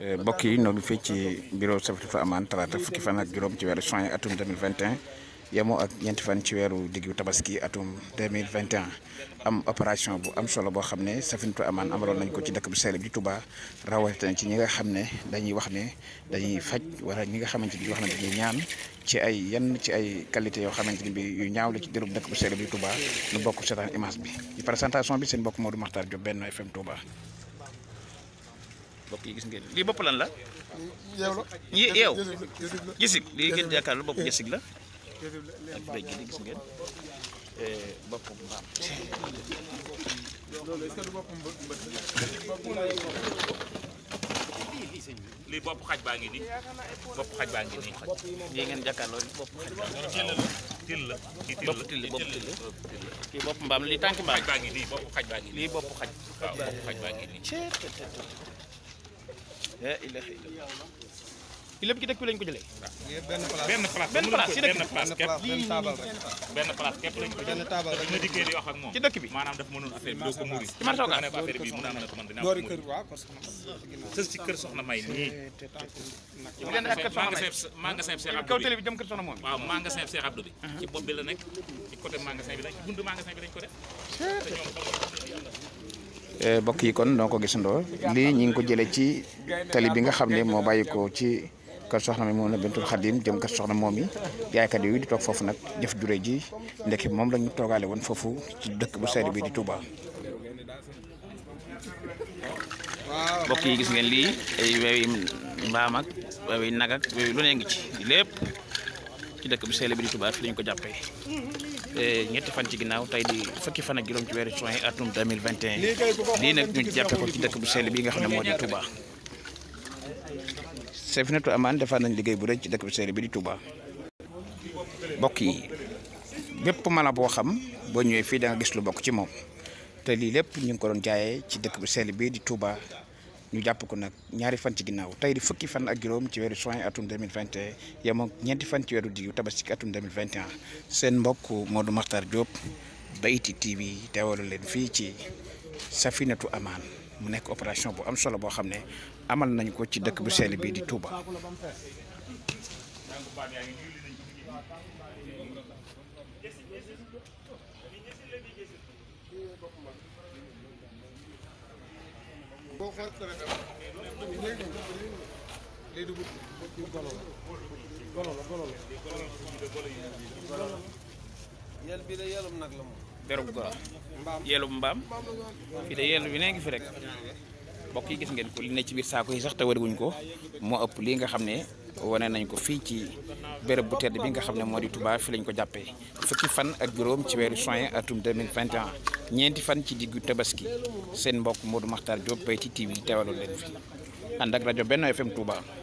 Euh, mbokk yi noo ngi fii ci bureau Safinatul Amaan talaata fukki fan ak juróom ci weeru juin atum 2021 yemoo ak ñeenti fan ci weeru diggu tabaski atum 2021 am opération bu am solo boo xam ne Safinatul Amaan amaloon nañ ko ci dëkk bu sell bi Touba rawatina ci ñi nga xam ne dañuy wax ne dañuy faj wala ñi nga xamante ni wax ne dañuy ñaan ci ay yenn ci ay qualité yoo xamante ni bi yu ñaaw la ci dërëb dëkk bu sell bi Touba nu bokk seetaan image bi ci bi seen mbokk Modou Makhtar Diop Benno FM Touba bopp yi gis ngeen lii bopp lan la. yeew yeew jësig lii ngeen yaakaar la bopp jësig la gi gis ngeen eh, bopp mbaam. lii bopp xaj baa ngi nii bopp xaj baa ngi nii lii ngeen jàkkaarloo bopp xaj baa till la bopp till bopp till kii bopp mbaam lii tànk mbaam xaj baa lii bopp xaj waaw bopp xaj baa ngi nii la ilaha illallah ci lépp ci dëkk bi lañ ko jëlee. benn place benn place ci dëkk bi benn place benn place képp lañ ko jëlee daf na dikkee di wax ak moom ci dëkk bi maanaam dafa mënoon affaire bi doo ko muuri ci man sooga ne affaire bi mu naan na ko man dinaa ko muuri sës ci kër soxna may nii magasin bi Cheikh Abdou kaw télé bi jëm kër soxna moom waaw magasin bi Cheikh Abdou bi uh-huh. ci bopp bi la nekk ci côté magasin bi lañ ci buntu magasin bi lañ ko def te ñoom Eh, mbokk yi kon noo ko gisandoo lii ñu ngi ko jëlee ci tali bi nga xam ne moo bàyyi ko ci kër soxna mi moom la Bintul Xadim jëm kër soxna moom yi yaaykat yi di toog foofu nag jëf jure ji ndekki moom la ñu toogaale woon foofu ci dëkk bu sedd bi di Touba. yi gis ngeen lii ay wewi mbaam ak ci lépp fi lañ ko jàppee. Eh, ñetti fan ci ginnaaw tey di fukki fan ak juróom ci weeru juin atum 2021 lii nag ñu jàppe ko ci dëkk bu sell bi nga xam ne moo di Touba Safinatou Amaan defar nañ liggéey bu rëy ci dëkk bu sell bi di Touba bokk yi bépp mala boo xam boo ñëwee fii da gis lu bokk ci moom te lii lépp ñu ngi ko doon jaayee ci dëkk bu sell bi di Touba ñu jàpp ko nag ñaari fan ci ginnaaw tey di fukki fan ak juróom ci weeru juin atum 2021 yemoo ñeenti fan ci weeru diggu tabaski atum 2021 seen mbokk moo du Modou Makhtar Diop Bayti TV teewalu leen fii ci Safinatu Amaan mu nekk opération bu am solo boo xam ne amal nañ ko ci dëkk bu sell bii di Touba. boo xool léegi lii dugub bi golo la golo la golo la yel bi de yelum nag la moom berub golo yelum mbaam fii de yel bi nee ngi fi rek mbokk yi gis ngeen ko li ne ci biir saako yi sax te wari wuñ ko moo ëpp lii nga xam ne wane nañ ko fii ci béréb bu tedd bi nga xam ne moo di Touba fi lañ ko jàppee fukki fan ak juróom ci weeru juin atum 2021 ñeenti fan ci diggu tabaski seen mbokk Modou Makhtar Diop Bayti TV teewaloon leen fi ànd ak rajo benn FM Touba.